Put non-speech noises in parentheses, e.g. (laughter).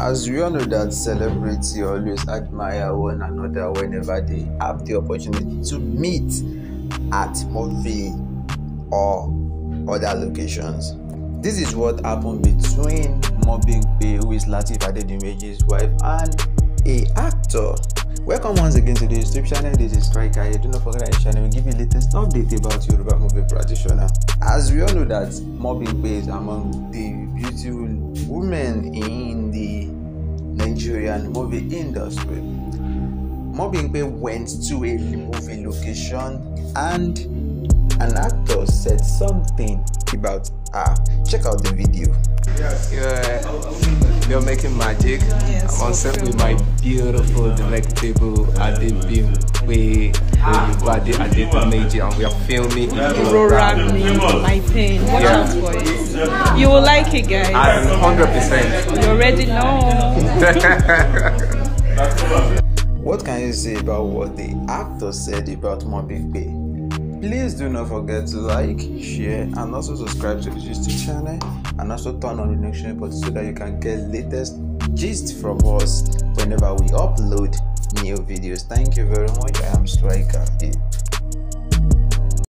As we all know that celebrity always admire one another whenever they have the opportunity to meet at movie or other locations. This is what happened between Mobimpe, who is Latif Adedimeji's wife, and a actor. Welcome once again to the YouTube channel. This is Striker. Do not forget that this channel will give you latest update about Yoruba movie practitioner. As we all know that Mobimpe is among the beautiful women in the Nigerian movie industry. Mobimpe went to a movie location and an actor said something about her. Check out the video. Yeah, are you're making magic. I'm on set with my beautiful, delectable Adebim way Olubade major and we are filming in Aurora. My pain. Yeah. You will like it, guys. I am 100%. You already know. (laughs) what can you say about what the actor said about Mobbing Bay? Please do not forget to like, share, and also subscribe to the Gist channel and also turn on the notification button so that you can get latest gist from us whenever we upload new videos. Thank you very much. I am Striker.